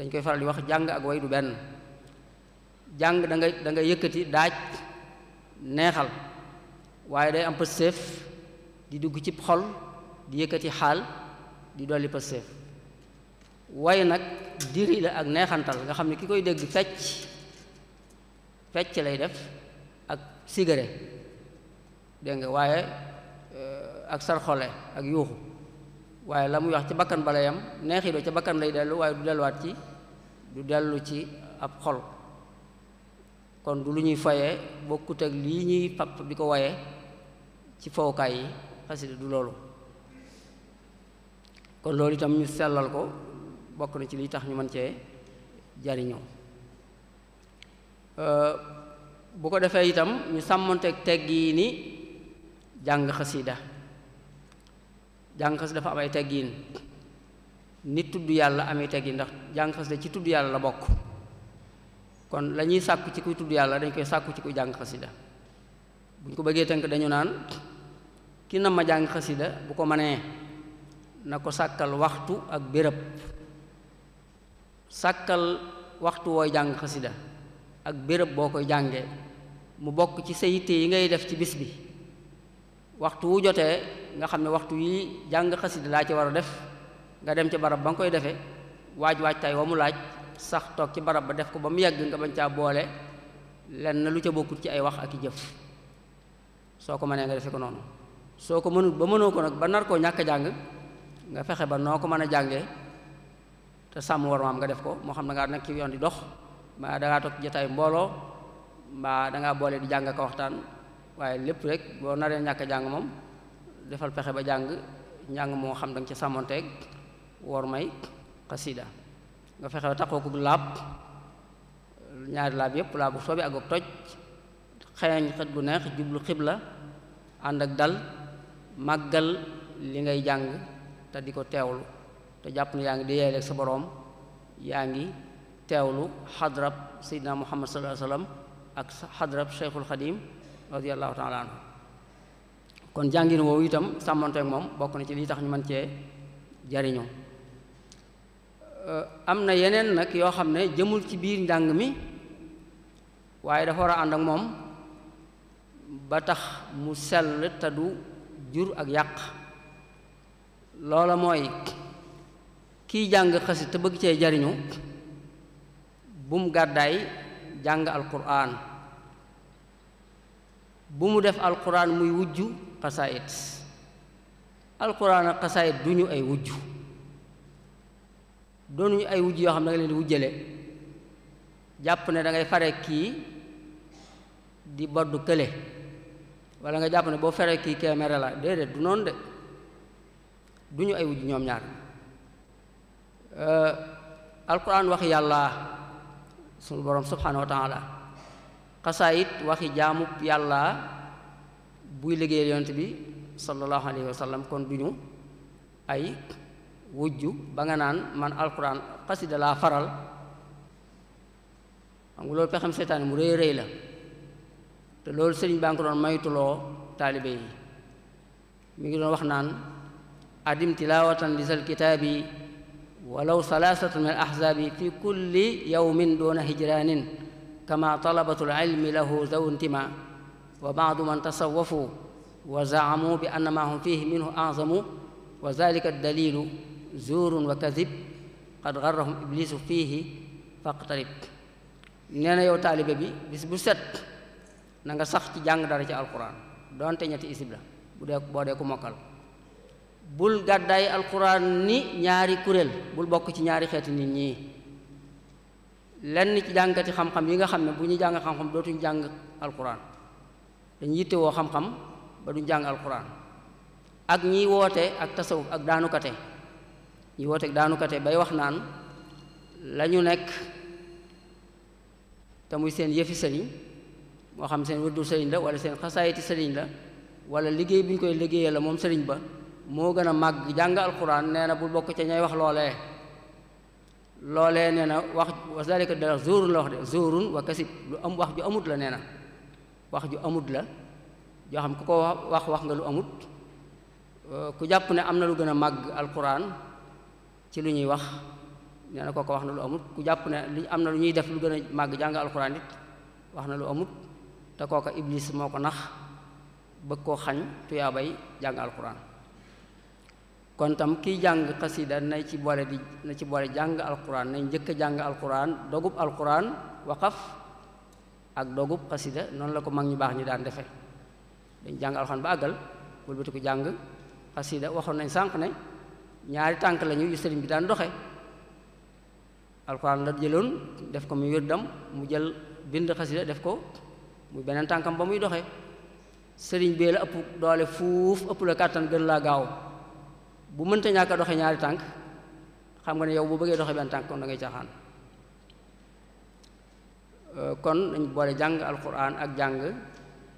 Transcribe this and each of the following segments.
dañ koy faral di wax jàng ak way du benn jàng da nga da nga yëkkati daaj neexal waaye day am pësteef di dugg ci xol di yëkkati xaal di dolli pësteef way nag diri la ak neexantal nga xam ne ki koy dégg fecc fecc lay def ak sigare dégg nga waaye eh, ak sarxole ak yuuxu waaye la muy wax ci bakkan ba lay am neexi do ca bakkan lay dellu waaye du delluwaat ci du dellu ci ab xol kon du lu ñuy fayee bokkut ak li ñuy pap di wayé ci fawkay yi xasida du lolu kon lolu tam ñu sellal ko bokku na ci li tax ñu jari cee euh bu ko defé itam ñu ak teggiin ni jang khasida jang khas dafa am ay teggiin ni tudd yàlla amee teg yi ndax jàng xasida ci tudd yàlla la bokk kon lañuy ñuy sàkku ci kuy tudd yàlla dañ koy sàkku ci kuy jàng xasida bu ñu ko bëggee tënk dañu naan ki na ma jàng xasida bu ko mënee na ko sàkkal waxtu ak bërëb sàkkal waxtu wooy jàng xasida ak béréb boo koy jàngee mu bokk ci sa yitte yi ngay def ci bis bi waxtu wu jotee nga xam ne waxtu yi jàng xasida laa ci war a def nga dem ci barab bang koy ya, defé ya? waj waj tay wamu laaj sax tok ci barab ba def ko bam mu nga bañ caa boole na lu ca bokkut ci ay wax ak jëf soko ko nga defé ko noonu soko ko ba mëno ko nak ba nar ko ñaka jang nga fexé ba noko ko jangé te war maam nga def ko mo xam nga nak ci yoon di dox mbaa dangaa toog jotaay mbooloo da nga boole di jang ko waxtaan waye lepp rek bo naré ñaka jang mom defal fexé ba jang ñang mo xam dang ci samonté war may qasida nga fexe taxoo ko laab ñaari laab yépp laabu sobi ak toj xeeñ xet bu neex jublu qibla and ak dal magal li ngay jang ta di ko teewlu te jàpp ne yaa ngi di sa borom yaangi tewlu sayyidina muhammad sallallahu alaihi wasallam ak xadrab shaykhul khadim radiyallahu taala anhu kon jangir wo itam sàmmanteeg moom bokk na ci li tax ñu man ci am na yeneen nag yoo xam ne jëmul ci biir njàng mi waaye dafa war a ànd ak moom ba tax mu sell te du jur ak yàq loola mooy kiy jàng xasi te bëgg cee jariñu bu mu gàddaay jàng alquran bu mu def alquran muy wujju xasaayit alquran ak xasaayit du ñu ay wujju doonu ay wujju yo xam na nga leen di wujjale jàpp ne da ngay faré ki di boddu kele wala nga japp ne faré ki ke kéemere la déedéet du non de duñu ay wujju ñom ñaar euh, alquran waxi yalla sunu borom subhanahu wa taala qasaid waxi jaamu yalla buy liggéeyal yonent bi sallallahu alayhi wa sallam kon duñu ay wujju ba nga naan man alquran qasida la faral xam nga loolu pexem seytaane mu rëy rëy la te loolu sëriñ baa nga doon maytuloo taalibe yi mi ngi doon wax naan adim tilawatan li zal kitaabi ولو ثلاثة من الأحزاب في كل يوم دون هجران كما طلبة العلم له ذو انتماء وبعض من تصوفوا وزعموا بأن ما هم فيه منه أعظم وذلك الدليل zuurun wa kadib qad garrahum iblisu fiihi faqtarib nee na yow taalibe bi bis bu set na nga sax ci jàng dara ci alquran donte ñetti isib la bu dee boo dee ku bul gàddaay alquran ni ñaari kuréel bul bokk ci ñaari xeeti nit ñi lenn ci jàngkati xam-xam yi nga xam ne bu ñu jàng xam-xam dootuñ jàng alquran dañ yitte woo xam-xam ba duñ jàng alquran ak ñiy woote ak tasawuf ak daanukate yi daanu daanukate bay wax naan lañu nekk te muy seen yëfi sëriñ moo xam seen wëddu sëriñ la wala seen xasaayiti sëriñ la wala liggéey bi ñu koy liggéeyee la moom sëriñ ba moo gën a màgg jàng alquran nee na bu bokk ca ñay wax loole loole nee na wax wa lu am wax ju amut la nee na wax ju amut la joo ku ko wax wax nga lu amut ku jàpp ne am na lu gën a màgg alquran ci lu ñuy wax nee na kooku wax na lu amut ku jàpp ne li am na lu ñuy def lu gën a màgg jàng alxuraan it wax na lu amut te kooka iblis moo ko nax bëgg koo xañ tuyaabay jàng alxuraan kon tam kiy jàng xasida na ci boole na ci boole jàng alxuraan nañ njëkk a jàng alxuraan dogub alxuraan waqaf ak dogub xasida noonu la ko mag ñu baax ñi daan defe dañ jàng alxuraan ba àggal wëlbati jàng xasida waxoon nañ sànq ne ñaari tànk lañu sëriñ bi daan doxe alxuraan la jëloon def ko muy wérdam mu jël bind xasida def ko mu beneen tànkam ba muy doxe sëriñ bee la ëpp doole fuuf ëpp la kàttan gën laa gaaw bu mënta ñàkk a doxe ñaari tànk xam nga ne yow bu bëggee doxe benn tànk kon da ngay euh, kon dañ boole jàng alxuraan ak jàng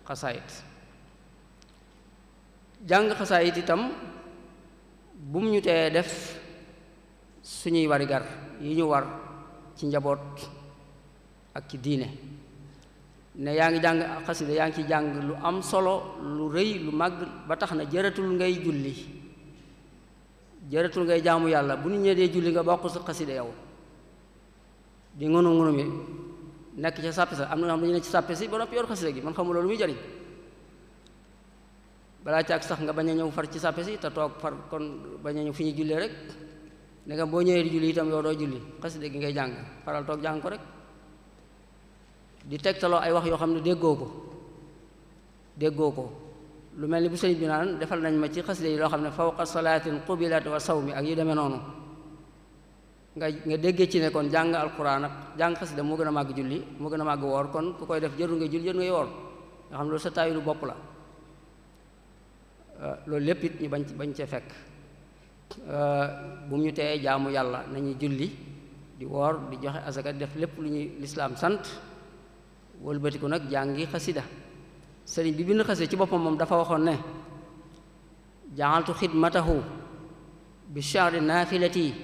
xasaayit jàng xasaayit itam bu mu ñu tee def suñuy warigar yi ñu war ci njaboot ak ci diine ne yaa ngi jàng xasida yaa ngi ci jàng lu am solo lu rëy lu màgg ba tax na jëratul ngay julli jëratul ngay jaamu yàlla bu ñu ñëwee dee julli nga bokk sa xasida yow di ngunum ngunum yi nekk ca sàppe sa am na nga xam ne ne ci sàppe si ba noppi yor xasida gi man xamuloo lu muy jariñ balaa ak sax nga bañ a ñëw far ci sàppe si te toog far kon bañ a ñëw fi ñu jullee rek ndegam boo ñëwee di julli itam yow doo julli xasida gi ngay jàng faral toog jàng ko rek di ay wax yoo xam ne déggoo ko déggoo ko lu mel ni bu sëriñ bi naan defal nañ ma ci xasida yi loo xam ne fawqa salaatin qubilat wa sawmi ak yu demee noonu nga nga déggee ci ne kon jàng alquran ak jàng xasida moo gën a màgg julli moo gën a màgg woor kon ku koy def jërul nga julli jërul ngay woor nga xam ne loolu sa taayu lu bopp la Euh, loolu lépp it ñu bañ bañ ca fekk euh, bu mu ñu teyee jaamu yàlla nañu julli di woor di joxe asaka def lépp lu ñuy lislaam sant wëlbatiku nag jàngi xasida sëriñ bi bind xasida ci boppam moom dafa waxoon ne jaxaltu xidmatahu bi shahri naafilati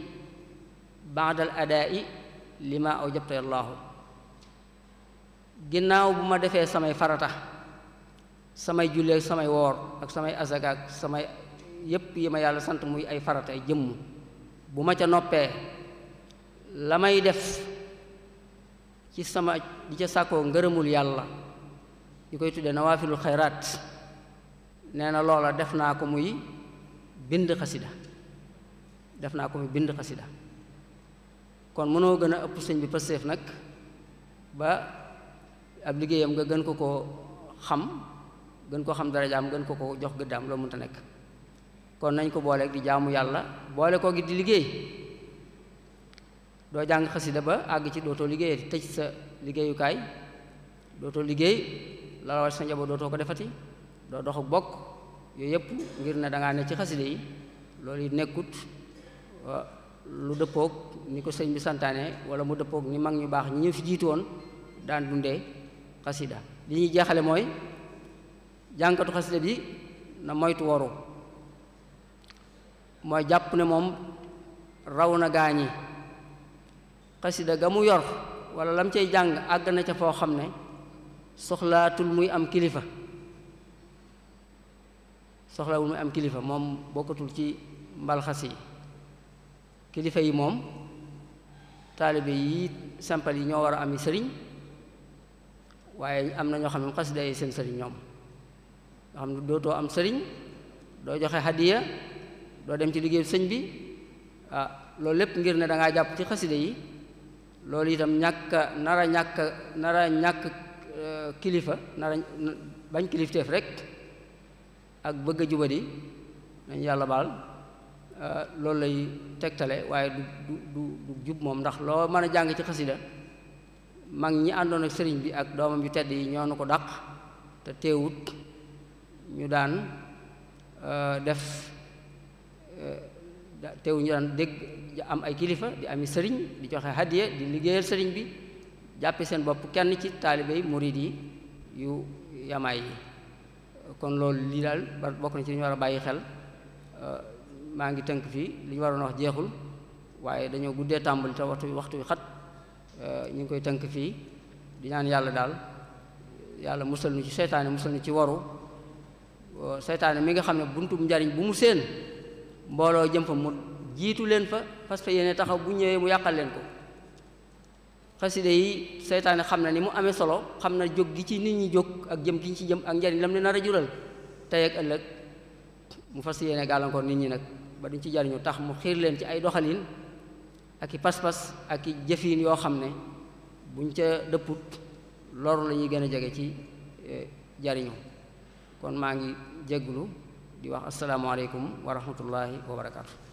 baadal adaa'i lima aw jabtay allaahu ginnaaw bu ma defee samay farata samay julli sama samay wor ak samay azak ak samay yépp yi ma yalla sant muy ay farata ay jëm buma ca noppé lamay def ci sama di ca sako ngeureumul yalla ñu koy nawafilul khairat xayraat lola na def ko muy bind khasida def ko muy bind khasida kon mëno gëna a ëpp sëñ bi nak ba ab liggéeyam nga gën ko ko xam gën koo xam darajaam gën ko ko jox gëddaam loolu mënta nekk kon nañ ko booleeg di jaamu yàlla boole koo gi di liggéey doo jàng xasida ba àgg ci dootoo liggéey tëj sa liggéeyukaay dootoo liggéey la war sa njaboot dootoo ko defati doo dox bokk yooyu yëpp ngir ne dangaa ne ci xasida yi loolu yi nekkut lu dëppook ni ko sëñ bi santaane wala mu dëppoog ni mag ñu baax ñu fi jiitu woon daan dundee xasida li ñuy jeexale mooy jankatu khasida bi na moytu woro moy japp ne mom, rawna gañi khasida gamu yor wala lam cey jang àgg na ca fo xamne soxlaatul muy am kilifa soxlawul muy am kilifa mom boko ci mbal khasi kilifa yi mom talibe yi sampal yi ño war am ami waye am na ñoo xam ne yi sen serigne ñom nga xam ne dootoo am sëriñ doo joxe hadiya doo dem ci liggéey sëñ bi ah, loolu lépp ngir ne da jàpp ci xasida yi loolu itam ñàkk nara ñàkk nara ñàkk eh, kilifa nara bañ kilifteef rek ak bëgg a jubadi nañ yàlla baal eh, loolu lay tegtale waaye du du du du jub moom ndax loo mën a jàng ci xasida mag ñi àndoon ak sëriñ bi ak doomam yu tedd yi ñoo nu ko dàq te teewut ñu daan euh, def euh, teew ñu daan dégg am ay kilifa di ami sëriñ di joxe hadiye di liggéeyal sëriñ bi jàppe seen bopp kenn ci taalibe yi murid yi yu yamaay yi kon loolu lii daal bokk na ci li war a bàyyi xel euh, maa ngi tënk fii li ñu waroon wax jeexul waaye dañoo guddee tàmbali waxtu waxtu wi xat ñu ngi koy tënk fii di ñaan yàlla daal yàlla musal nu ci seytaane musal nu ci waru seytaane mi nga xamne ne buntum njariñ bu mu seen mbolo jëm fa mu jitu len fa parce que yene taxaw bu ñewé mu yakal len ko khasside yi seytaane xamna na ni mu amé solo xamna na gi ci nit ñi jog ak jëm gi ci jëm ak njariñ lam ne na a ak ëlëk mu fas galan ko nit ñi nak ba duñ ci jariñu tax mu xir len ci ay doxalin ak pas-pas ak i yo xamne ne buñ ca dëpput lor lañuy gëna jëgé ci eh, jariñu kon maa ngi jégglu di wax asalaamaaleykum wa rahmatullahi wa barakaatu.